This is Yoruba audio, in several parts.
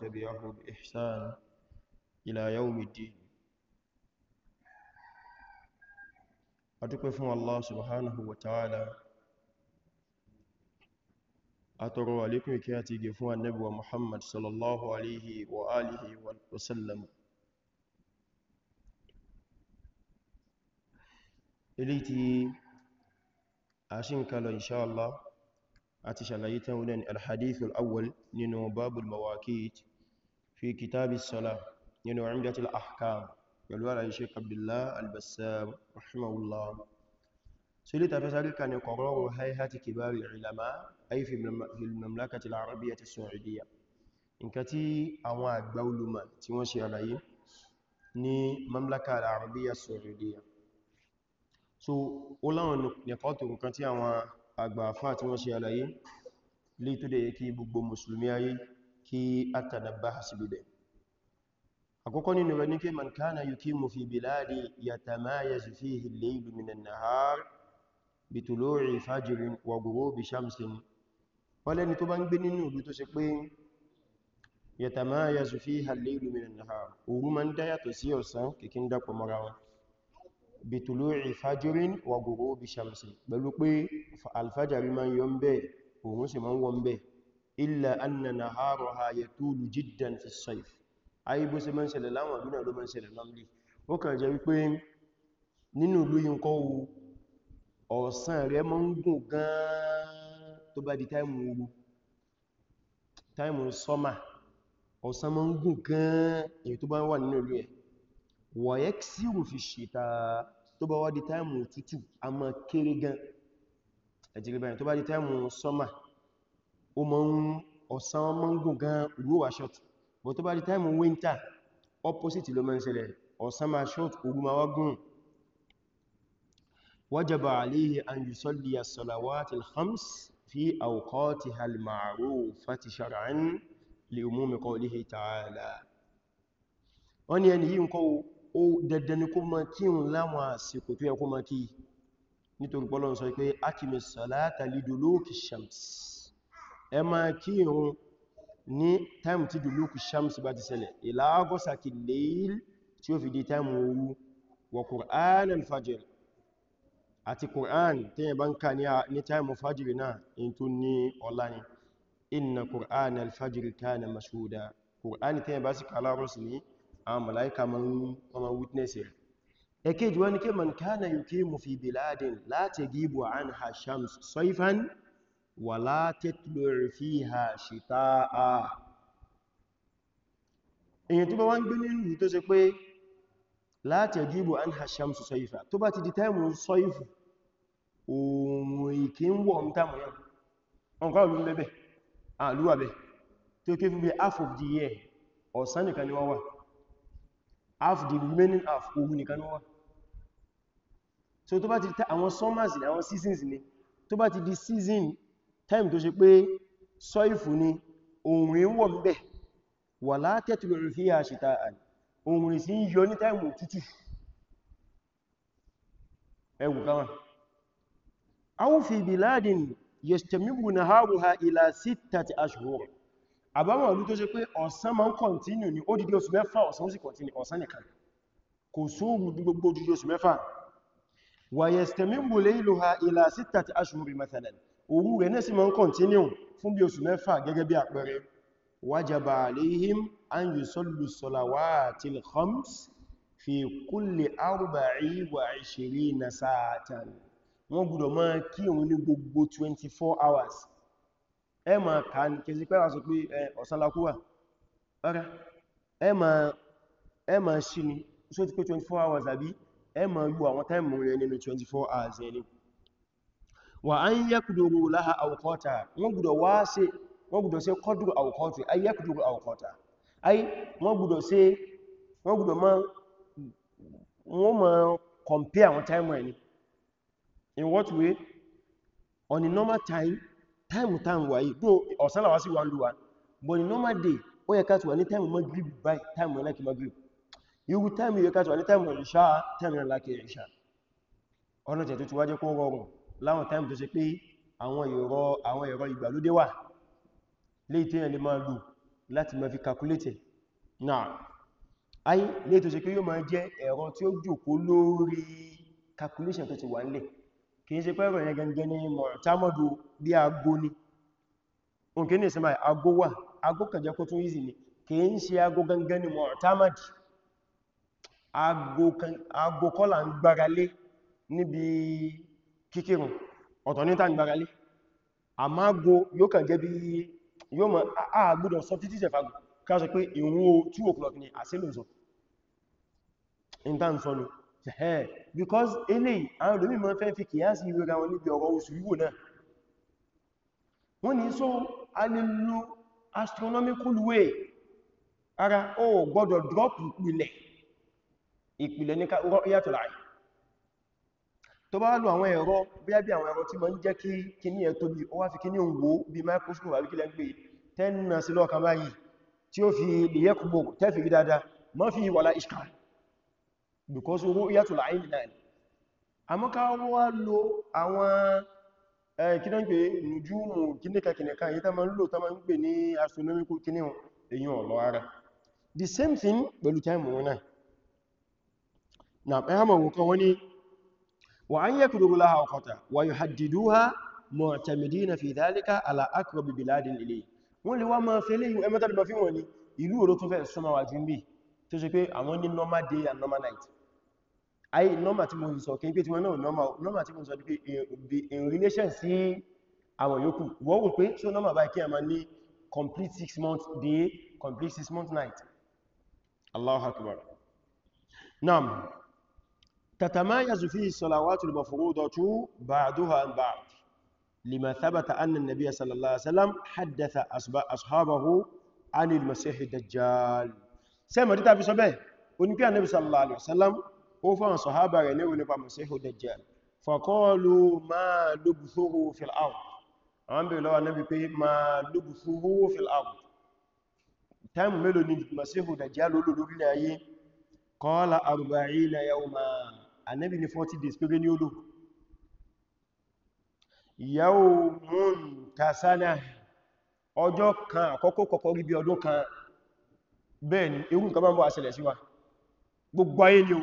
تبعه بإحسان إلى يوم الدين أتقف الله سبحانه وتعالى أتروا لكم كياتي قفوا النبوة محمد صلى الله عليه وآله وسلم إليتي أشنك إن شاء الله àti ṣàlàyé tẹ́wọ́n alhadith al'awwal nínú babul mawaqit fi kitab as-sala nínú umdatul ahkam pẹ̀lú àlàyé Sheikh Abdullah al-Bassam rahimahullah so ilé tafẹ́ sáré kan ní kọ̀rọ̀rọ̀ hayhati kibari ulama ay fi mamlakati al-arabiyya as-saudiya nǹkan tí àwọn àgbà ulama tí wọ́n ṣe àlàyé ní mamlaka al-arabiyya saudiya so ó láwọn nìkọ́ tó nǹkan tí àwọn àgbà àfáà tí wọ́n ṣe àlàyé lè tó dẹ̀ yẹ kí gbogbo mùsùlùmí ayé kí àtàdàbà síbibẹ̀ àkọ́kọ́ nínú rẹ̀ ní kí man kana yukimu fi biladi yatamayazu fihi al-laylu min an-nahar bi tulu'i ìlú tó ṣe pé bitulu'i fajirin wa ghurubi shamsi pẹ̀lú pé alfajari ma ń yọ ń bẹ̀ òun sì ma ń wọ́n bẹ̀ illa anna naharaha yatulu jiddan fi sayf ayé bó ṣe ma ń ṣẹlẹ̀ láwọn àdúnà ló ma ń ṣẹlẹ̀ lámlì ó kàn jẹ́ wípé nínú ìlú yìí ń kọ́ ọ̀sán rẹ̀ ma ń gùn gan-an tó di táìmù ooru táìmù sọ́mà ọ̀sán ma ń gan-an èyí tó bá wà nínú ìlú ẹ̀ wọ̀yẹ́ksírù fi ṣìta tó bá wá di táìmù òtútù a ma kéré gan ẹ̀jìrì báyìí tó bá di táìmù sọ́mà o mọ́ ń ọ̀sán mọ́ ń gùn gan òru wà short but tó bá di táìmù winter opposite ló mọ́ ń ṣẹlẹ̀ ọ̀sán ma short òru ma wá gùn wajaba alayhi an ó dandan ni kó máa kírun láwọn àsìkò tó yẹ kó máa kí nítorí pé Ọlọ́run sọ pé akimis salata liduluki shams ẹ máa kírun ní táìmù tí duluki shams bá ti ṣẹlẹ̀ ila ghasaki leil tí ó fi di táìmù òru wa qur'an al-fajr àti qur'an tí yẹn bá ń ka ní táìmù fajr náà in tó ní ọlá ni inna qur'an al-fajr kana mashhuda qur'an tí yẹn bá sì kà láàrọ̀ ní àwọn màláíkà ma ń wọ́n witness rẹ̀ ẹ̀kejì wọ́n ni kí man kana yuqimu fi biladin la taghibu anha shams sayfan wa la tatlu' fiha shita'a èyàn tó bá wá ń gbé nínú tó ṣe pé la taghibu anha shams sayfan tó bá ti di táìmù sọ́ìfù ohun ìkí ń wọ̀ ń táìmù yẹn ọkọ̀ ni wọ́n wà half the remaining half òru nìkan wà so tó bá ti àwọn summers ní àwọn seasons ní tó bá ti di season time tó ṣe pé sọ́ìfù ni òòrùn ń wọ̀ ń bẹ̀ wà látẹ́tùlù ìfíyà ṣìta àní òòrùn sí ń yọ ní time òtútù ẹwù káwọn aw fi biladin yastamiru naharuha ila sittati ashhur àbáwọn ìlú tó ṣe pé ọ̀sán máa ń kọ̀ntínú ní odidi oṣù mẹ́fà ọ̀sán ó sì kọ̀ntínú ọ̀sán nìkan kò sóòrù gbogbo odidi oṣù mẹ́fà wa yastamiru layluha ila sittati ashhur mathalan òru rẹ̀ náà sì máa ń kọ̀ntínú fún bí oṣù mẹ́fà gẹ́gẹ́ bí àpẹẹrẹ wajaba alayhim an yusallu salawatil khams fi kulli arba'i wa ishirina 24 hours ẹ ma ká ní kí sípẹ́ wà sọ pé ọ̀sánlákúwà ọ̀rá ẹ ma ni so ti pé 24 hours àbí ẹ ma yú àwọn táìmù rẹ nínú 24 hours ẹni wà á ń yẹ́kùdòrò láha àwùkọ́ta wọ́n gbọ́dọ̀ wá ṣe wọ́n gbọ́dọ̀ ṣe kọ́dùrù àwùkọ́ta ay yẹ́kùdòrò àwùkọ́ta ay wọ́n compare àwọn táìmù ẹni in what way on a normal time time time wà yìí bó ọ̀sán làwá sí wà ń lúwà but ní normal day ó yẹ káàtù wà ní time Maghrib by time like wọn láti Maghrib irú time yẹ káàtù wà ní time Isha time wọn láti Isha ọ̀nà tẹ̀ tó ti wájẹ́ kó rọrùn láwọn time tó ṣe pé àwọn ẹ̀rọ àwọn ẹ̀rọ ìgbàlódé wà lè tí yẹn lè máa lù láti máa fi calculate náà ayé lè tó ṣe pé yóò máa jẹ́ ẹ̀rọ tí ó jòkó lórí calculation tó ti wà nílẹ̀ kìí ṣe pẹ́rọ yẹn gẹ́gẹ́ ní mọ̀támọ́dù bí agbó ní òkè ní ìsinmi agbó wà agbó kàjẹ́ kó tún easy ni kìí ń ṣe agbó gangan ni mọ̀tàmàdì agbó kọ́là ń gbáralé níbi kíkírùn ọ̀tọ̀ ní tàn gbáralé àmá agbó yóò kàn jẹ́ bí yóò mọ̀ àgbúdọ̀ sọ títí jẹ fagbó ká pé ìwọ̀n 2 o'clock ni àsílùsọ because eléyìí àwọn olómi mọ́ fẹ́ fi kìí á sí ìwé ra wọn níbi ọ̀rọ̀ oṣù wíwò náà wọ́n ní so a lè lo astronomical way ara o gbọ́dọ̀ drop ìpìlẹ̀ ìpìlẹ̀ ní yàtọ̀ láì tó bá lò àwọn ẹ̀rọ bí i àwọn ẹ̀rọ tí ma ń jẹ́ kí kíní ẹ̀ tóbi ó wá fi kíní ń wó bí microscope àbí kílẹ̀ ń gbé tẹ́nà sí lọ́ọ̀kan báyìí tí ó fi lè yẹ kúgbò tẹ́fì rí dáadáa ma fi wàlá iskar because owó yàtọ̀ láì nìyàn àmọ́ ká wá lo àwọn kí náà ń pè nùjúmù kíníkàkíníkà yí tá ma ń lò tá ma ń pè ní astronomical kíníhùn èyàn ọ̀lọ́ ara the same thing pẹ̀lú time wọn náà na ẹ̀hàmà wọ́kan wọ́n ni wa an yakduru laha ọkọta wa yuhaddiduha mu'tamidina fi dhalika ala aqrab biladin ilay wọ́n lè wá ma fẹ́ léyìn ẹmẹ́tàdìbà fi wọ́n ni ayé nọ́mà tí mo ń sọ kìí pé tí wọ́n náà nọ́mà tí mo ń sọ pé in relation sí àwọn yòókù wọ́n wù pé ṣó nọ́mà báyìí kí a complete six month day complete six month night Allahu Akbar naam tatamayazu fi salawatul mafruudatu ba'duha an ba'd lima thabata anna an-nabiy sallallahu alaihi wasallam haddatha ashabahu anil masih ad-dajjal sẹ́mọ̀ títà fi sọ bẹ́ẹ̀ oníkí ànẹ́bì sallallahu alaihi wasallam ó fáwọn sọ̀hábà rẹ̀ lérò nípa masihu dajjal faqalu ma lubthuhu fil ard àwọn bèèrè lọ́wọ́ Ànábì pé ma lubthuhu fil ard táìmù mélòó ni masihu dajjal ló lò lórílẹ̀ ayé qala arba'ina yawma Ànábì ní 40 gbogbo ayé ni o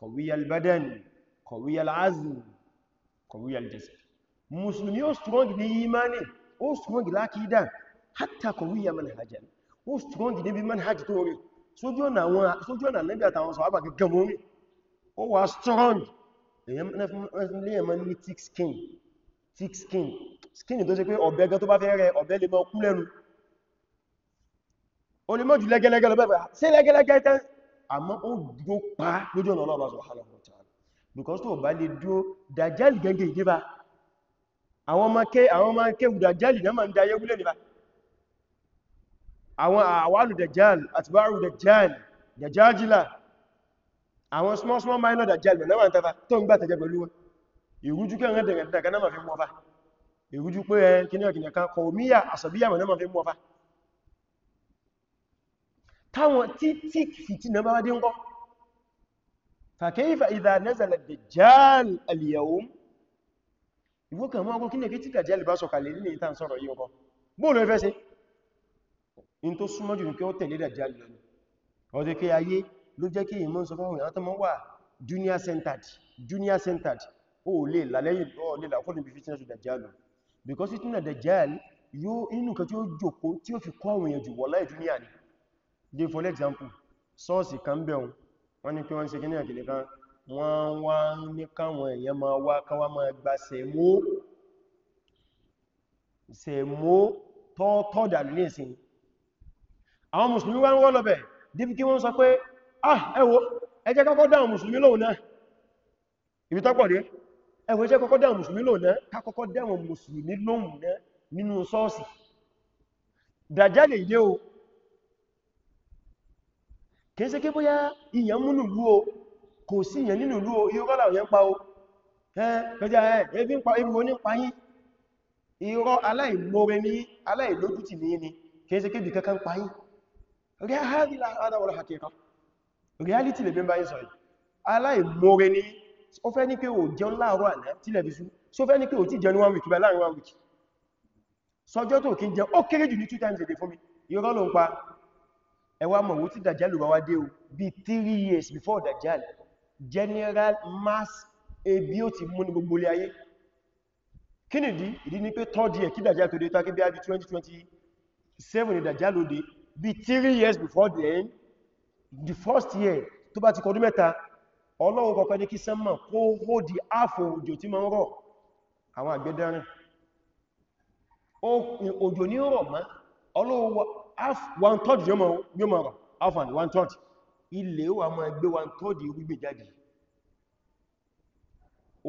kọ̀wíyà albadan kọ̀wíyà al'azm kọ̀wíyà aljasad musulmi ó strong ní imani ó strong lákídà hatta kọ̀wíyà manhajá ó strong níbi manhaj tó rí sójú ọ̀nà lẹ́bí àtàwọn sọ̀hábà gẹ́gẹ́ mọ́rin ó wà strong èyàn mọ́ ní thick skin thick skin skin tó ṣe pé ọ̀bẹ o lè mọ́ jù lẹ́gẹ́lẹ́gẹ́ àmọ́ ó dúró pa lójú ọ̀nà Ọlọ́run subhanahu wa ta'ala because tó bá lè dúró dàjálì gẹ́gẹ́ ìgbébá àwọn ọmọ kẹ́ àwọn ọmọ kẹ́wù dàjálì náà ma ń da ayégúlẹ̀ nípa àwọn àwálù dàjálì àtibárù dàjálì dàjájìlá àwọn small small minor dàjálì náà ń tafa tó ń gbà tẹ̀jẹ̀ pẹ̀lú wọn ìrújú kẹrin dẹ̀rẹ̀ dàgá náà ma fi mú ọfà ìrújú pé ẹ kíníọ̀kìnìyàn kan kọ̀ omíyà àsọ̀bíyà náà ma fi mú ọfà táwọn títí fìtínà bá wádé ń kọ́ fàkẹ́yìfà ìdá nazala dajjal al-yawm ìwọ́kàn mọ́ ọgbọ́n kí ní kí tí dajjal bá sọ̀kalẹ̀ nílé ìta sọ̀rọ̀ yíò kọ́ bóòlù ẹfẹ́ sí in tó súnmọ́ jù kí ó tẹ̀lé dajjal lọ ọdẹ́ kí ayé ló jẹ́ kí ìmọ́ sọ fáwọn ìrántọ́ mọ́ wà junior centered junior centered ó lè lálẹ́yìn ó lè làkọ́ níbi fìtínà jù dajjal because fìtínà dajjal yóò inú kan tí ó jòkó tí ó fi kọ́ àwọn èèyàn jù wọ́lá ìdúníà ni di for example sọ́ọ̀sì kan bẹ̀rún wọ́n ní pé wọ́n ń ṣe kí ní àkìlẹ̀ kan wọ́n wá ní káwọn èèyàn máa wá káwà máa gba sẹ̀mó tọ́ọ̀tọ́ dàlú ní ìsìn àwọn mùsùlùmí wá ń wọ́ dípí kí sọ pé ah ẹ ẹ kọ́kọ́ dáwọn mùsùlùmí kèése kí bóyá ìyàn múnú lú o kò sí ìyàn nínú lú o irọ́ làwọn yẹn pa o ẹgbẹ́já ẹ̀ ebi ń pa ebi wọn ní pa yín irọ́ aláìmọ́re ní aláìlójútì ní ní kèése kí bí kankan pa yín reality lè bí ń bá yín sọ̀rọ̀ aláìmọ́re ní ó fẹ́ ní pé ò jẹun láàárọ̀ àná tílẹ̀ fi sú sí ó fẹ́ ní pé ò tí jẹun one week bá láàrin one week sọjọ́ tó kí ń jẹ ó kéré jù ní two times a day fún mi irọ́ ló ń pa ẹ wá mọ̀ wó tí dajjal bá wá dé o bí 3 years before dajjal general mass ebi ó ti mú ní gbogbo ilé ayé kí nìdí ìdí ní pé third year kí dajjal tó dé tó bí i 2027 ni dajjal ó dé bí 3 years before then the first year tó bá ti kọdún mẹ́ta ọlọ́run kọ̀kọ́ ní kí sánmà kó hó di áàfò òjò tí ma ń rọ̀ àwọn àgbẹ̀dẹ̀rin òjò ní rọ̀ mọ́ ọlọ́run half one third yóò mọ̀ rọ̀ half and one third ilẹ̀ wà máa gbé one third irúgbìn jáde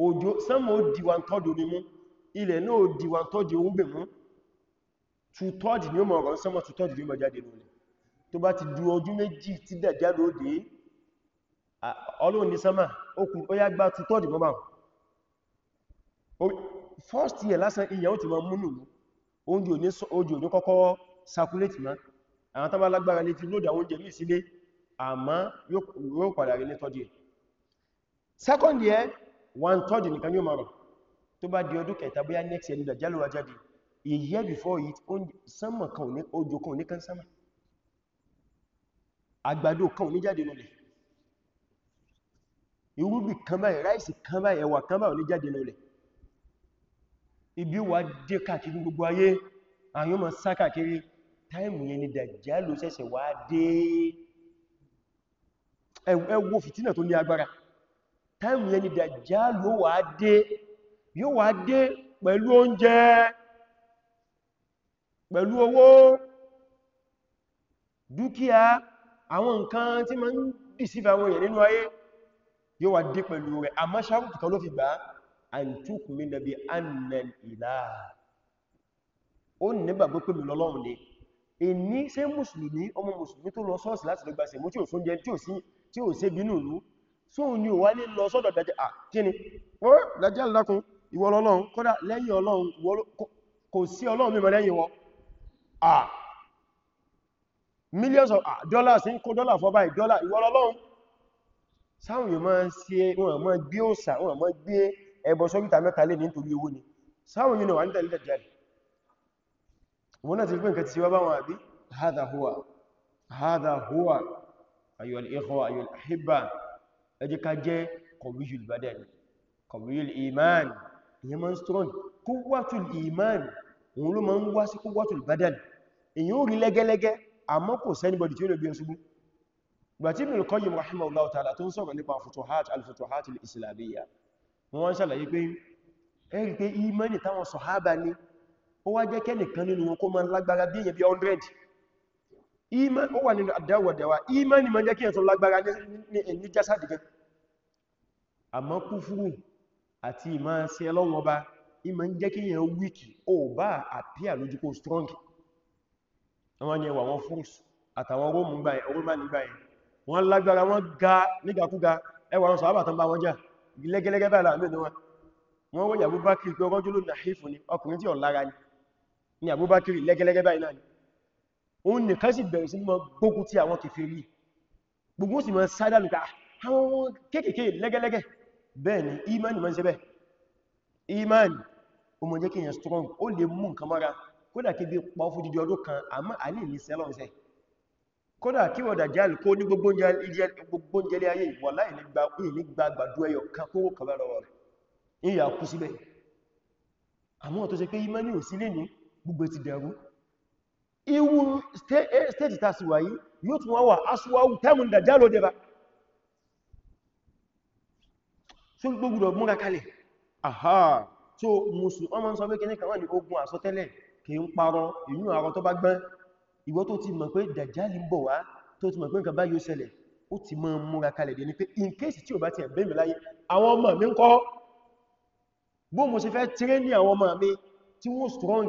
òjò sánmọ̀ ó di one third omi mú ilẹ̀ náà ó di one third irúgbìn mú two third ni ó mọ̀ rọ̀ sánmọ̀ two third yóò mọ̀ jáde lónìí tó bá ti du ọdún méjì tí dàjálò òdè ọlọ́run ní sánmà ó kù ó yá gbá two third mọ́ bá first year lásán ìyàwó ti mọ̀ múnù oúnjẹ òní kọ́kọ́ circulate ma àwọn tán bá lágbára lè ti lóòdà oúnjẹ ní ìsílé àmá yóò padà rí ní tọ́dí ẹ̀ second year one third nìkan yóò mara tó bá di ọdún kẹta bóyá next year nígbà jálùwà jáde a year before it sánmà kan ní ojú kan ní kan sánmà àgbàdo kan ní jáde nílẹ̀ irúgbìn kan báyìí ráìsì kan báyìí ẹ̀wà kan báyìí ní jáde nílẹ̀ ibi wà dé káàkiri gbogbo ayé àyọ́mọ̀ sá káàkiri táìmù yẹn ni dàjálò ṣẹ̀ṣẹ̀ wá dé ẹ wo fìtínà tó ní agbára táìmù yẹn ni dàjálò wá dé yóò wá dé pẹ̀lú oúnjẹ pẹ̀lú owó dúkìá àwọn nǹkan tí ma ń dìsífà àwọn èèyàn nínú ayé yóò wá dé pẹ̀lú rẹ̀ àmọ́ sáàrùkù kan ló fi gbà àìtúkùnmí nàbí annan ìlà ó lọ́lọ́run ni ìní ṣe mùsùlùmí ọmọ mùsùlùmí tó lọ sọ́ọ̀sì láti lọ gbàṣẹ̀ mú tí ò sún jẹ tí ò ṣe bínú ìlú só ní ò wá lè lọ sọ́dọ̀ dájẹ́ àkíní wọ́n dájẹ́ lákun ìwọ ọlọ́run kódà lẹ́yìn ọlọ́run kò sí ọlọ́run mímọ̀ lẹ́yìn wọn ah millions of dollars ń kó dọ́là fọ́ báyìí dọ́là ìwọ ọlọ́run sáwọn èèyàn máa ń ṣe wọn máa gbé òsà wọn máa gbé ẹbọ sọ́gítà mẹ́ta lé nítorí owó ni sáwọn èèyàn wà ní tẹ̀lé dájẹ́ wọ́n náà ti pín nǹkan ti wá báwọn àbí hadha huwa hadha huwa ayyul ikhwa ayyul ahibba ẹ jẹ́ ká jẹ́ qawiyul badan qawiyul iman ìyẹn ma ń strong quwwatul iman òun ló ma ń wá sí quwwatul badan èyàn ò rí lẹ́gẹ́lẹ́gẹ́ àmọ́ kò sẹ́nibọ̀dì tí ó lè gbé e ṣubú gbàtí Ibnul Qayyim rahimahullahu ta'ala tó ń sọ̀rọ̀ nípa futuhat al-futuhat al-islamiyya wọ́n ń pé ẹ̀rí pé imani táwọn sọ̀hábà ní ó wá jẹ́ kẹ́nìkan nínú wọn kó ma lágbára bí èyàn bí 100 iman ó wà nínú àdáwọ̀dáwà iman ni ma jẹ́ kí èyàn tó lágbára ní jásàdì gan àmọ́ kúfúrù àti ìmá sí ẹlọ́wọ̀n ọba iman jẹ́ kí èyàn wíkì ó bá àpíà lójú kó strong àwọn yẹn wà wọn fúrùs àtàwọn rómù gbà ẹ̀ orí má nígbà ẹ̀ wọ́n lágbára wọ́n ga nígbàkúga ẹwà wọn sọ̀rọ̀ àtàbà wọn jà gẹ́gẹ́gẹ́ bá yàgbó bá kí pé ọgọ́jú ló nà ní ọkùnrin tí ọ̀ lára Ni Abubakar lẹ́gẹ́lẹ́gẹ́ báyìí náà ni òun nìkan sì bẹ̀rẹ̀ sí mọ́ gbógun ti àwọn kèfèrí gbogbo sì mọ́ sádàlùkà ah, àwọn kéèkèé lẹ́gẹ́lẹ́gẹ́ bẹ́ẹ̀ ni imani mọ́ ṣe bẹ́ẹ̀ imani o mọ̀ jẹ́ kí èyàn strong ó lè mú nǹkan mọ́ra kódà kí bí pa fún jíjẹ ọdún kan àmọ́ àní ní sẹ́lọ́nsẹ́ kódà kí wọ̀dà jáàlì kó ní gbogbo jẹ́lé ayé wà láì nígbà gbàdú imani ò sí gbogbo ti dẹ̀rú iwu stéètì ta sì wáyé yóò tún wá wà aṣíwáwú tẹ́mù dàjálò dẹba tí ó gbogbo múra kalẹ̀ àhá tí ó musu ọmọ ń sọ pé kíní kàwọn ní ogun àsọtẹ́lẹ̀ kì ń parọ́ inú àrọ tó bá gbọ́n ìwọ tó ti mọ̀ pé dàjálì ń bọ̀ wá tó ti mọ̀ pé nǹkan bá yóò ṣẹlẹ̀ ó ti mọ́ múra kalẹ̀ dẹni pé in case tí ò bá ti ẹ̀bẹ́ mi láyé àwọn ọmọ mi ń kọ́ bó mo ṣe fẹ́ tírénì àwọn ọmọ mi tí wọ́n strong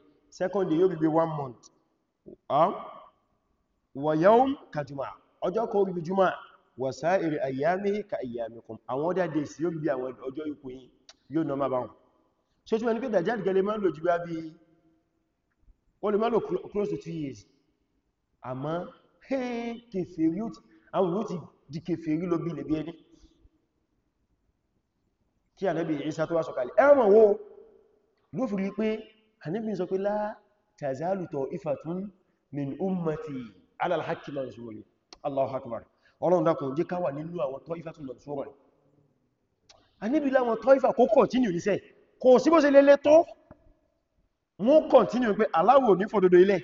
second day yóò bí bí one month um, wa yawm ka juma ọjọ́ kan bí juma wa sa'iri ayyamihi ka ayyamikum àwọn other days yóò bí àwọn ọjọ́ ikú yìí yóò nọ ma bá wọn ṣe tí wọ́n ni pé dajjal gẹlẹ́ máa lò jù bá bí ó lè máa lò close to two years àmọ́ kèfèrí àwọn yóò ti di kèfèrí ló bí lẹ́bí ẹni kí ànábì Ìsá tó wá sọ̀kalẹ̀ ẹ̀rọ mọ̀ wo ló fi rí Ànábì sọ pé la tazalu ta'ifatun min ummati ala al-haqqi mansurin Allahu akbar Ọlọ́run dákun jẹ́ ká wà nínú àwọn ta'ifatun mansurin Ànábì láwọn ta'ifa kó continue níṣẹ́ kò sí bó ṣe lélẹ́ tó wọ́n continue pé aláwò ní fòdodo ilẹ̀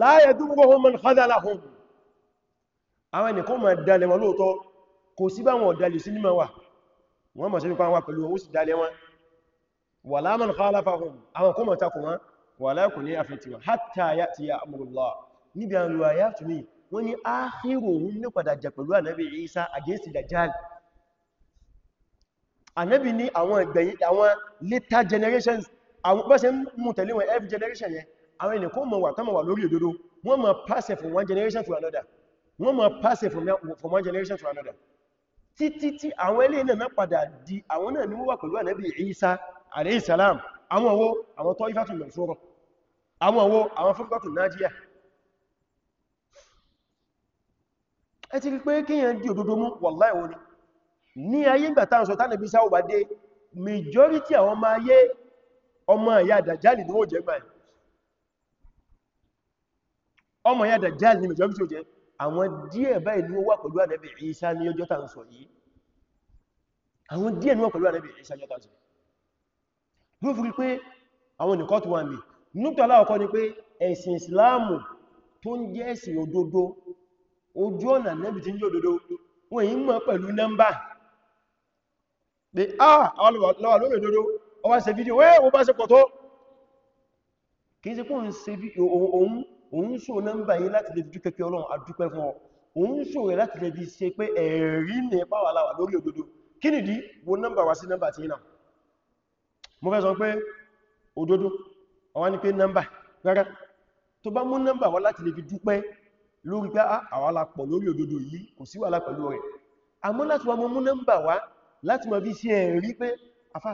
la yadurruhum man khadhalahum àwọn ẹnìkan ma dalẹ̀ wala man khalafahum àwọn kó mọ̀ta kò wọ́n wà láìkò ní àfẹ́tíwà hatta ya'tiya amrullah níbi àwọn riwayat mi wọ́n ni áhírò òun ní padà jẹ pẹ̀lú ànábì Isa against Dajjal ànábì ní àwọn ìgbẹ̀yìn àwọn later generations àwọn pẹ́sẹ̀ mú tẹ̀lé wọn every generation yẹn àwọn ènìyàn kó mọ̀ wà tán mọ̀ wà lórí òdodo wọ́n mọ̀ pass from one generation to another wọ́n títí tí àwọn ilé náà mẹ́padà di àwọn náà ni wọ́n wà pẹ̀lú ànábì Isa alayhi salam àwọn owó àwọn tọ́ ifátù mẹ́sọ́rọ̀ àwọn owó àwọn fúnkọ́tù nájíyà ẹ ti rí pé kíyàn dí òdodo mú wallahi wọ́n ní ayé ìgbà tán sọ tánàbí sáwọ̀ bá dé majority àwọn ọmọ ayé ọmọ ìyá dàjálì ni ó jẹ́ gbà ọmọ ìyá dàjálì ni majority ó jẹ́ àwọn díẹ̀ báyìí ni ó wà pẹ̀lú ànábì Ìsá ní ọjọ́ tán sọ yìí àwọn díẹ̀ ni wọ́n pẹ̀lú ànábì Ìsá ní ọjọ́ tán sọ yìí ló fi pé àwọn nìkan tó wà mí nútọ́ aláwọ̀kọ́ ni pé ẹ̀sìn ìsìláàmù tó ń jẹ́ ẹ̀sìn òdodo ojú ọ̀nà nẹ́bì tí ń jẹ́ òdodo wọ́n èyí mọ̀ pẹ̀lú nọ́mbà ah lọ́wà lórí òdodo ọwá ṣe fídíò wé o bá ṣe pọ̀ tó kìí ṣe kó ń ṣe òun ṣò nọ́mbà yìí láti lè fi dúkẹ́kẹ́ ọlọ́run adúpẹ́ fún ọ òun ṣò rẹ̀ láti lè fi ṣe pé ẹ̀rí ní ẹpá wà láwà lórí òdodo kí nìdí wo nọ́mbà wá sí nọ́mbà tí náà mo fẹ́ sọ pé òdodo ọwá ní pé nọ́mbà rárá tó bá mú nọ́mbà wá láti lè fi dúpẹ́ lórí pé ah, àwa la pọ̀ lórí òdodo yìí kò sí wàhálà pẹ̀lú rẹ̀ àmọ́ láti wá mú nọ́mbà wá láti mọ̀ bí sí ẹ̀rí pé afá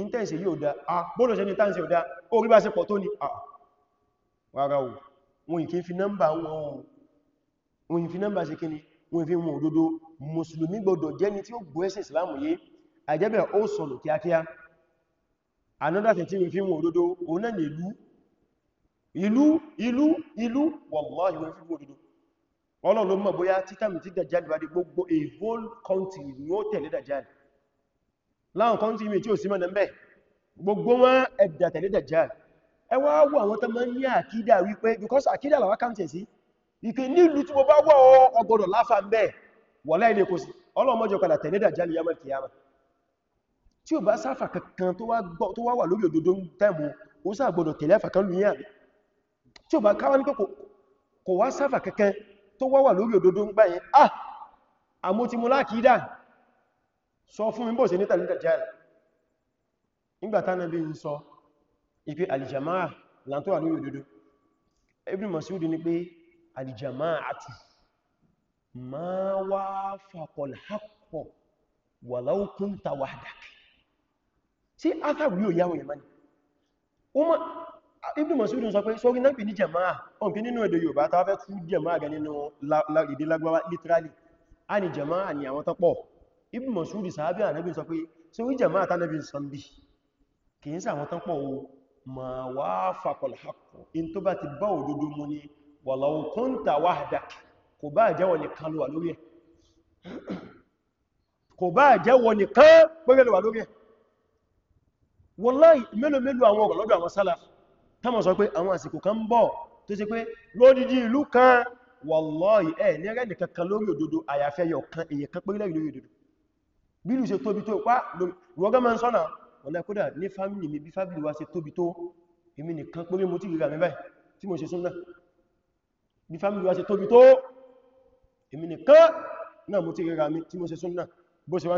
intense yìí ò dá ah, bọ́ọ̀lọ̀ ṣe ní intense ò dá ó rí bá ṣe pọ̀ tó ní ah, rárá o wọn ìkí fi nọ́mbà wọn wọn ìfi nọ́mbà àjẹ́bẹ̀ ó sọ̀lọ̀ kíákíá another thing tí wọ́n fi mú òdodo òun náà ni ìlú ìlú ìlú ìlú wallahi wọ́n fi mú òdodo ọlọ́run ló mọ̀ bóyá títàmì tí dàjáde wà dé gbogbo a whole country ni ó tẹ̀lé dàjáde láwọn country mi tí ò sí mọ́ nẹ́m̀bẹ̀ gbogbo wọn ẹ̀dà tẹ̀lé dàjáde because àkídà làwọn káńtẹ̀ sí ìpé nílùú tí mo bá wọ́ ọgbọ̀dọ̀ láfà ń bẹ̀ wọ̀lẹ́ ilé kò sí ọlọ́mọjọ́ padà tí ò bá sáfà kankan tó wá wà lórí òdodo tẹ́mù ó sáà gbọdọ̀ tẹ̀lé àfà kan lóyìn àrí tí ò bá káwà ní kò wá sáfà kankan tó wá wà lórí òdodo ń báyẹn ah àmó ti mú lákìídà sọ fún mi bó ṣe ní tàbí dàjáàlì nígbàtá náà sí atharu yóò yáwọn yamani ibn Mas'ud sọ pé sórí náà pè ní jama'a ọ̀n kí nínú èdè Yorùbá ta fẹ́ tú jama'a ga nínú èdè Lárúbáwá literally a ni jama'a ni àwọn tọ́pọ̀ ibn Mas'ud sàábí ànábí sọ pé sórí jama'a ta nábi sanbi kì í sàwọn tọ́pọ̀ o ma wafaqal haqq in tó bá ti bá òdodo mu ni walau wallahi mélòó mélòó àwọn ọ̀rọ̀ lọ́dọ̀ àwọn sálàf tánmà sọ pé àwọn àsìkò kan ń bọ̀ tó ṣe pé lódìdí ìlú kan wallahi ẹ̀ ní rẹ̀ nìkankan lórí òdodo àyàfẹ́ yọ kan èyẹ kan pé lórí òdodo bí ìlú ṣe tóbi tó pá wọ́gá ma ń sọ́nà wọ́n náà kódà ní fámìlì mi bí fámìlì wa ṣe tóbi tó èmi nìkan pé mo ti rí ra mi báyìí tí mo ṣe súnnà bí fámìlì wa ṣe tóbi tó èmi nìkan náà mo ti rí ra mi tí mo ṣe súnnà bó ṣe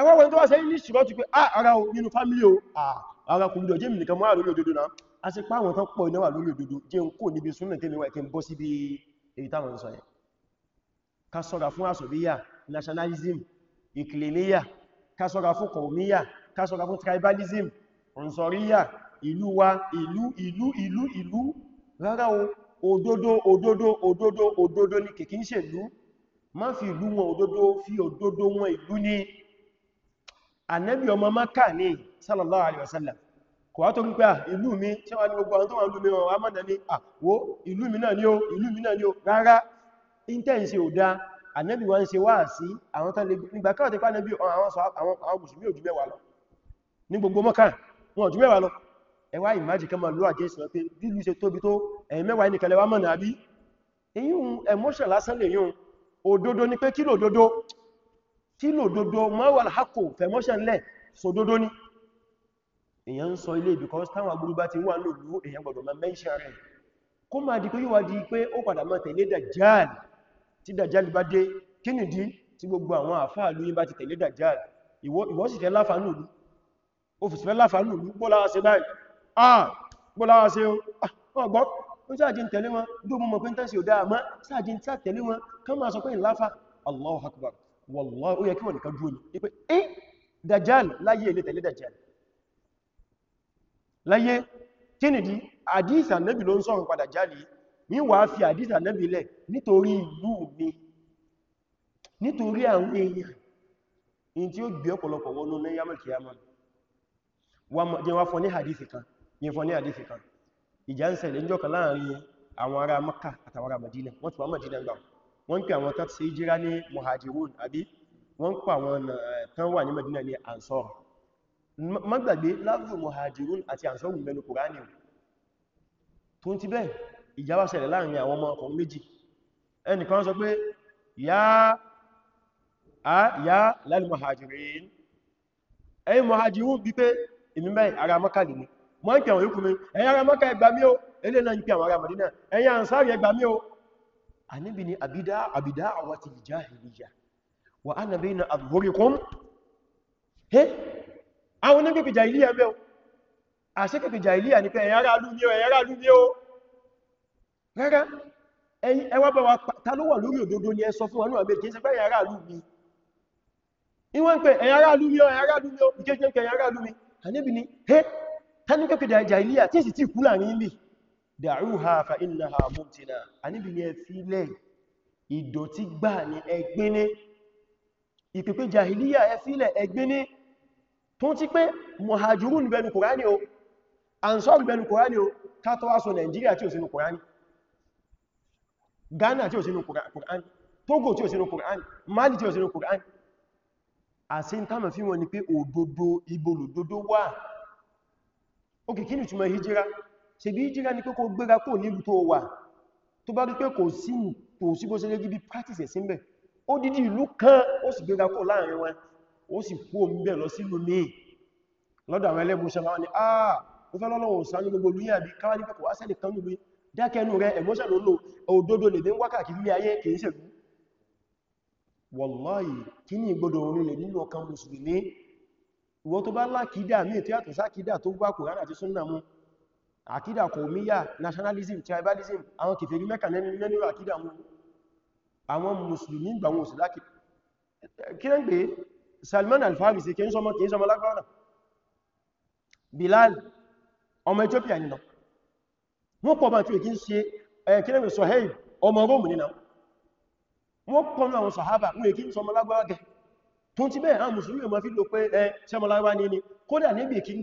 ẹwọ́ wọn tó wá sẹ́yìn ní ṣìrọ́ ti pé ah, ara o nínú fámílì o ah, ara kò gbọdọ̀ jẹ́ mi nìkan mọ́ àlórí òdodo náà a sì pàwọn tán pọ̀ náà lórí òdodo jẹ́ ń kò níbi súnmọ̀ tẹ́mi wà kí n bọ́ sí bí èyí táwọn sọ yẹn ká sọ́ra fún àsọ̀bíyà nationalism ìkìlẹ̀míyà ká sọ́ra fún kọ̀ọ̀míyà ká sọ́ra fún tribalism ọ̀nsọ̀ríyà fi ìlú wọn òdodo fi òdodo wọn ìlú ní ànábì ọmọ maka ní sallallahu alaihi wasallam kò wá tó ń pẹ́ ah, ìlú mi tí wọ́n ní gbogbo àwọn tó wọ́n lú mi wọ́n wá mọ́dá ní àwọ́ ìlú mi náà ni ó ìlú mi náà ni ó rárá intense ò dá ànábì wọ́n ń ṣe wá sí àwọn tán lè nígbà káwà tí pánẹ́bí àwọn mùsùlùmí ò jù mẹ́wàá lọ ní gbogbo mọ́ká wọn ò jù mẹ́wàá lọ ẹ wá ìmájì kan máa lọ àjẹ́sì lọ pé bí ìlú ṣe tóbi tó ẹ̀yìn mẹ́wàá ní kẹlẹ́wàá mọ̀nà àbí eyín emotion lásán lè yún òdodo ni pé kí lòdodo kí lò dodo mawal hako fẹ̀mọ́ṣẹ́ ńlẹ̀ so dodo ní èyàn ń sọ ilé because táwọn agbúrú bá ti wà lòlú èyàn gbọdọ̀ ma mẹ́ṣẹ́ rẹ̀ kó máa di pé yíwa di pé ó padà máa tẹ̀lé dajjal tí dajjal bá dé kí ni dí tí gbogbo àwọn àfáà lóyìn bá ti tẹ̀lé dajjal ìwọ sì fẹ́ láfàá lòlú ó fi sì fẹ́ láfàá lòlú bọ́láwá ah bọ́láwá ṣe ó gbọ́ ó sáàjí ń tẹ̀lé wọn dó mọ́ mọ́ pé ń tẹ́sí ò dáa mọ́ sáàjí ń akbar wallahi ó yẹ kí wọ́n nìkan dúró ní pé eh dajjal láyé ilé tẹ̀lé dajjal láyé kí nìdí àdísà nẹ́bì ló ń sọ̀rọ̀ padà jáde ní wà á fi àdísà nẹ́bì lẹ̀ nítorí ìlú mi nítorí àwọn èèyàn in tí ó gbé ọ̀pọ̀lọpọ̀ wọnú ní yamal kiyama wọ́n fọ́ wọ́n pè àwọn tán ti jíra ní muhajirun àbí wọ́n pè àwọn eh, tán wà ní Madina ní ansar má gbàgbé láàrù muhajirun àti ansar wù mẹ́nu kùránì tó ti bẹ́ẹ̀ ìjà wá ṣẹlẹ̀ láàrin àwọn ọmọ ọkùnrin méjì ẹnìkan sọ pé ya a ya lal muhajirin ẹ̀yin muhajirun bí pé èmi báyìí ara Mákà lè ní mọ́ ń pè àwọn yókù mi ẹ̀yin ara Mákà ẹgbàmí ansar ẹgbàmí o anibi ni abida abida awati jahiliya wa ana bayna adhhurikum he àwọn ni bi jahiliya be o ase ke jahiliya ni pé eyan ra lu ni o eyan ra lu ni o gaga ẹ̀yin ẹ wá bá wa ta ló wà lórí òdodo ni ẹ sọ fún wa nu abeje ṣe pé eyan ra lu mi in o eyan ra o ikeje pé eyan ra lu mi ni he tani jahiliya tí sì ti kú láàrin ilé da'uha fa innaha mubtina àníbì ní ẹfílẹ̀ ìdọ̀tí gbà ní ẹgbẹ́ni ìpìpé jahiliya ẹfílẹ̀ ẹgbẹ́ni tó ti pé muhajirun bẹnu kòránì o ansọ́rù bẹnu kòránì o kátọ́wàsọ Nigeria tí ó sínú kòránì Ghana tí ó sínú kòránì Togo Mali ti o si fi hijira ṣe bí ni ní pé kó gbéra kó tụba tó wà tó bá rí pé kò sí tó sí bó ṣe lé gidi practice kan o si gbéra kó láàrin wọn o si kú omi bẹ̀ lọ si míì lọ́dọ̀ àwọn ẹlẹ́bùn ṣe máa ní àà ah, ó fẹ́ lọ́lọ́wọ́ gbogbo ní àbí káwà ní pẹ̀kọ̀ wáṣẹ́ nìkan lùgbé dákẹ́nu rẹ emotion ló lò òdodo lè wallahi àkídà kòmíyà nationalism tribalism àwọn kèfèrí mẹ́kà nínú àkídà wọn àwọn mùsùlùmí gbà wọn òsìláàkì kí lẹ́ ń pè Salman al-Farisi kí ń sọmọ kí ń lágbàrá Bilal ọmọ Ethiopia nínú wọ́n pọ̀ bá tí ó kí ń ṣe kílẹ̀mì Suhaib ọmọ Rome nínú wọ́n pọ̀ ní àwọn sahaba wọ́n kí ń ni kódà níbi kí ń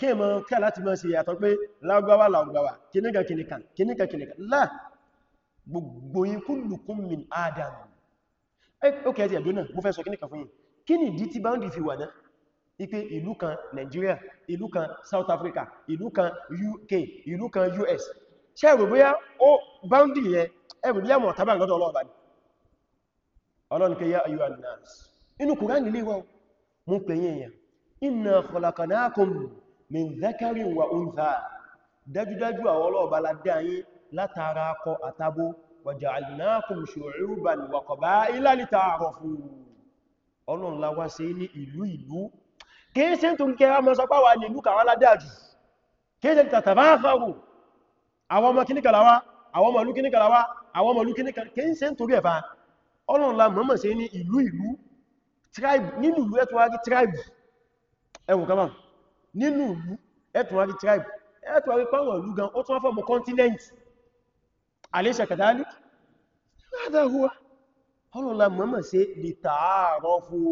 kéèmọ̀ kẹ́ láti mọ́ sí ìyàtọ̀ pé lágbàwà lágbàwà kìníkà kìníkà kìníkà kìníkà láà gbogbo yín kullukum min adam ok ẹ̀tì ẹ̀dọ́nà mo fẹ́ sọ kìníkà fún yín kí ni dí tí boundary fi wà náà ipé ìlú kan Nigeria ìlú kan South Africa ìlú kan UK ìlú kan US ṣẹ́rù bóyá ó boundary yẹ ẹ̀rù ní àmọ̀ tàbí àgọ́dọ̀ ọlọ́ọ̀bá ni ọlọ́nkẹ́ yá ayú annas inú Kùránì lè wọ́n inna khalaqnakum min zakari wa untha dájúdájú àwọn ọlọ́ọ̀bá ládáyín látara akọ àtabo wa ja'alnakum shu'uban wa qaba'ila lita'arafu ọlọ́run la wá ṣe ní ìlú ìlú kéèsè nítorí kẹwàá mọ́ sọpá wà ní ìlú kàwà ládájú kéèsè tàtàbáfàrù àwọn ọmọ kíníkàláwá àwọn ọmọ lúkíníkàláwá àwọn ọmọ lúkíníkàláwá kéèsè nítorí ẹ̀fà ọlọ́run la mọ́mọ̀ ṣe ní ìlú ìlú tribe nínú ìlú ẹ̀tùwárí tribe ẹwù kamar nínú ìlú ẹ̀tùwárí tribe ẹ̀tùwárí pàwọn ìlú gan ó tún wá fọ́mù continent alaysa kadhalik hadha huwa ọlọ́lá mọ́mọ̀ sí lè tààrọ fún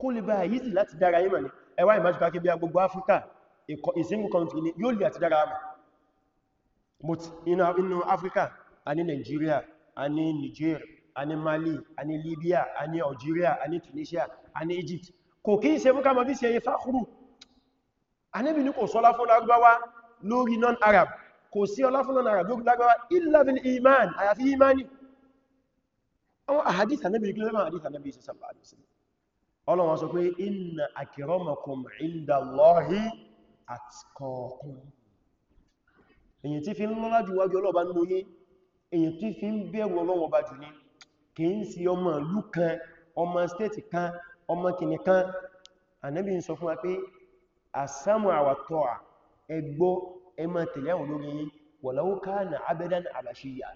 kó lè bá yìí sí láti dára yìí mọ̀ ní ẹwà ìmájúká kí bí a gbogbo Africa ìsinmi country ni yóò lè àti dára mọ̀ inú Africa a ní Nigeria a ní Niger a ní Mali a ní Libya a ní Algeria a ní Tunisia a ní Egypt kò kí ṣe mú kàmọ̀ bí ṣe yẹ fáhùrù anẹ́bì ní kò sọ́lá fún lágbàwá lórí non-arab kò sí ọlá fún non-arab lórí lágbàwá illa bil iman àyàfi imani àwọn ahadith anẹ́bì ní kílọ́mà ahadith anẹ́bì sí sàbà àdìsìn ọlọ́wọ́ sọ pé inna akramakum inda Allahi atqakum èyàn èyàn tí fi ń bẹ̀rù ọlọ́wọ́ bá jù ní kìí sí ọmọ ìlú kan ọmọ stéètì kan ọmọ kìnnì kan ànábì ń sọ fún wa pé àsámù àwàtọ́ à ẹgbọ́ ẹmọ tẹ̀lé àwọn olórin yìí wọ̀láwó káànà abẹ́dán àbàṣíyà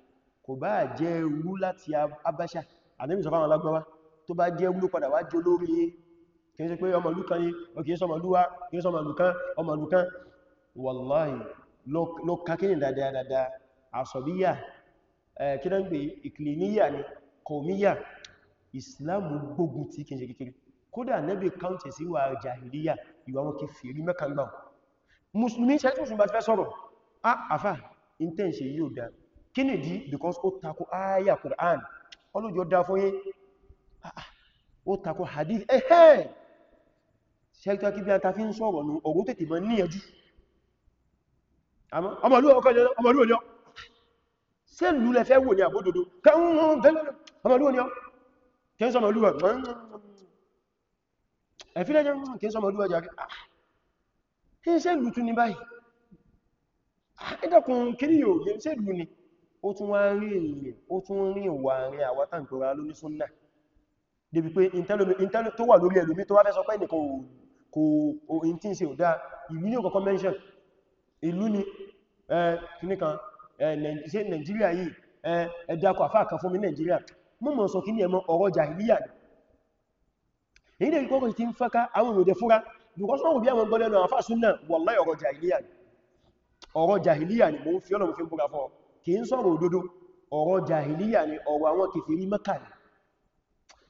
kò bá jẹ́ rú láti abáṣà ànábì sọ fáwọn alágbọ́wá tó bá jẹ́ rú padà wá jẹ́ olórin yìí kìí sọ pé ọmọ lúkan ni ọkìí sọ ọmọlúwá kìí sọ ọmọlúkan ọmọlúkan wàláhì ló kakíyàn dáadáa dáadáa àsọ̀bíyà kídán ni ìsìláàmù gbógun ti kìí ṣe kékeré kódà nẹ́bí káùntì sí wà jahiliya ìwà wọn kí fèrí mẹ́ka gbà musulmi ṣe tún ṣùgbà ti fẹ́ sọ̀rọ̀ àfà intense yóò dá kí ni dí because ó takò ayà Qur'an olójó dá fún yí ó takò hadith ẹ̀hẹ́ ṣẹ́kítọ́ kí bí a ta fi ń sọ̀rọ̀ ní ọgbọ́n tètè mọ́ níyànjú ọmọlúwọ̀ ṣe lulẹ̀ fẹ́ wò ní àbódòdó kẹ́ ń sọmọlúwọ̀ ẹ̀fílẹ̀ jẹ́ mọ́ ah, kí n sọmọ olúwa jàrí ah, kí n ṣe lù tún ní báyìí ah, ẹ̀dàkùn kiri yóò yẹ ṣe lù ní ó tún wá rí èèyàn ó tún rí ìwà rí àwátà ìgbòrà lóní súnnà débi pé intel tó wà lórí ẹlòmí tó wá fẹ́ sọ pé nìkan kò in tí ń ṣe òdá ìlú ní ọkọ̀kọ́ mention ìlú ni kìníkan Nàìjíríà yìí ẹ̀dàkọ̀ àfáà kan fún mi Nàìjíríà mú mọ̀ sọ kí ní ẹmọ ọ̀rọ̀ jàìlíyà èyí lè ti ń fẹ́ká àwọn òmìnirẹ̀ fúra because wọ́n bí àwọn gbọ́lẹ́nu àwọn fásúnnà wallahi ọ̀rọ̀ jahiliya ni ọ̀rọ̀ jahiliya ni mo ń fi ọ̀nà mo fi ń búra fún ọ kì í sọ̀rọ̀ òdodo ọ̀rọ̀ jahiliya ni ọ̀rọ̀ àwọn kèfèrí Mẹ́kà ni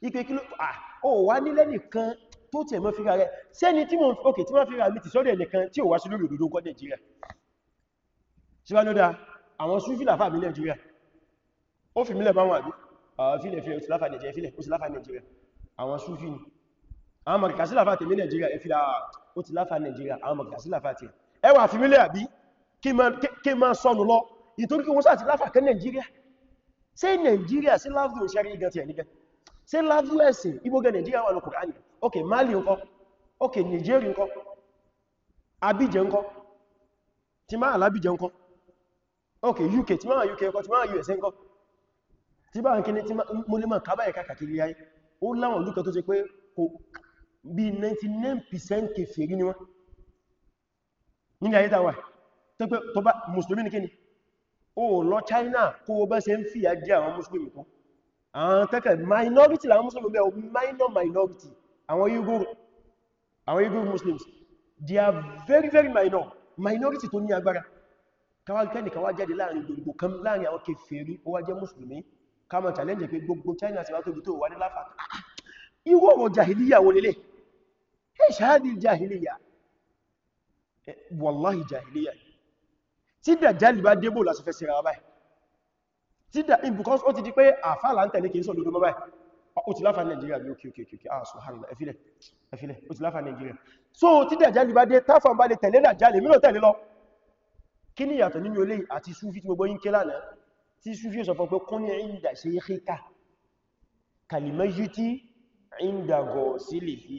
ipe kí ló ó wá nílẹ̀ nìkan tó tẹ̀ mọ́ fíra rẹ̀ sẹ́ni tí mo ok tí wọ́n fíra mi ti sọ́dọ̀ ẹnìkan tí ò wá sí lórí òdodo kọ́ Nàìjíríà síwájú dáa àwọn súfì làfà mi Nàìjíríà ó fi mílẹ̀ báwọn àbí fílẹ̀ fílẹ̀ ó sì láfà Nàìjíríà àwọn súfì ni àwọn mọ̀kàsílà fàtí ní Nigeria ẹ fìlà ó ti láfà Nigeria àwọn mọ̀kàsílà fàtí ẹwà fìmílẹ̀ àbí kí ma sọnù lọ ìtorí kí wọ́n sáà ti láfà kan Nigeria ṣe Nigeria sí láfù ìṣẹ́rí igan ti ẹ̀nigan ṣe láfù ẹ̀sìn ibógan Mali ńkọ́ ok Nigeria ńkọ́ Abidjan ńkọ́ ti máa l'Abidjan ńkọ́ ok UK ti máa UK ńkọ́ ti máa US ńkọ́ ti bá ń kí ní tí mo lè máa kábáyẹ̀ káàkiri bí 99% kèfèrí ni wọ́n nílẹ̀ ayé tàwà tó pé tó bá musulmi ní kíni o lọ China kó bá ṣe ń fìyà jẹ àwọn musulmi kan àwọn tẹ́kẹ̀ minority láwọn musulmi bẹ́ minor minority àwọn Uyghur muslims they are very very minor minority tó ní agbára káwàkẹ́ni káwà jáde láàrin gbogbo kan láàrin àwọn kèfèrí ó wá jẹ́ musulmi ká má challenge pé gbogbo China sí wá tóbi tó wà ní láfà ah, ah, irú ọ̀rọ̀ jàhìlíyà wọlélẹ̀ ايش هذه الجاهلية والله جاهلية tí Dajjal bá débò lásọ fẹ́ síra báyìí tí dà in because ó ti di pé àfà là ń tẹ̀lé kìí sọ́dọ̀dọ̀ mọ́ báyìí ó ti láfà Nigeria bí òkè òkè òkè ah subhanallah ẹfilẹ̀ ẹfilẹ̀ ó ti láfà Nigeria so tí Dajjal bá dé táfà bá lè tẹ̀lé Dajjal mí lọ tẹ̀lé lọ kí ni yàtọ̀ nínú ilé àti Sufi tí gbogbo yín ké lánàá tí Sufi sọ fún pé kún ní inda shaykhika kalimajiti inda gọ̀ọ́sílẹ̀ yìí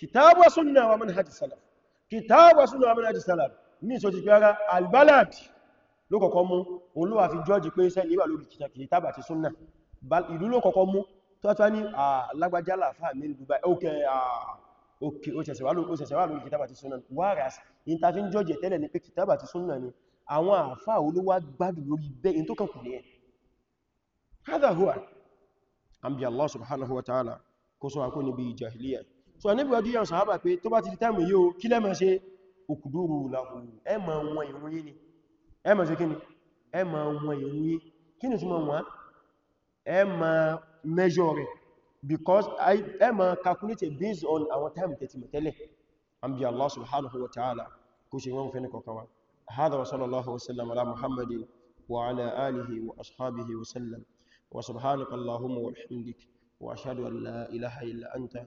kìtàbù wa súnà wa manhaj salaf kìtàbù wa súnà wa manhaj salaf ní ìsọ ti pẹ́ra albalad ló kọ̀kọ́ mú òun ló wà fi jọ́jì pé iṣẹ́ níwà lórí kìtàbù àti súnà ìlú ló kọ̀kọ́ mú tọ́tọ́ ní alágbájá láàfáà ní Dubai ókè ó ṣẹ̀ṣẹ̀ wà lórí kìtàbù àti súnà whereas in ta fi ń jọ́jì tẹ́lẹ̀ ní pé kìtàbù àti súnà ni àwọn àfáà olówá gbádùn lórí bẹ́ẹ̀ in tó kàn kù ní ẹ̀ kó sọ àkó níbi jahiliya so níbi ọdún yàn sàhábà pé tó bá ti di táìmù yíò kí lẹ́mọ̀ ṣe òkùdúrù làhùn ẹ ma wọn ìrun yí ni ẹ ma ṣe kí ni ẹ ma wọn ìrun yí kí measure because ẹ ma calculate based on àwọn táìmù tẹ̀tì mẹ́tẹ́lẹ̀ an bí Allah subhanahu wa ta'ala kó ṣe wọn fẹ́ni wa sallallahu wa sallam ala muhammadin wa alihi wa ashabihi wa wa subhanaka wa bihamdik wa ashhadu illa anta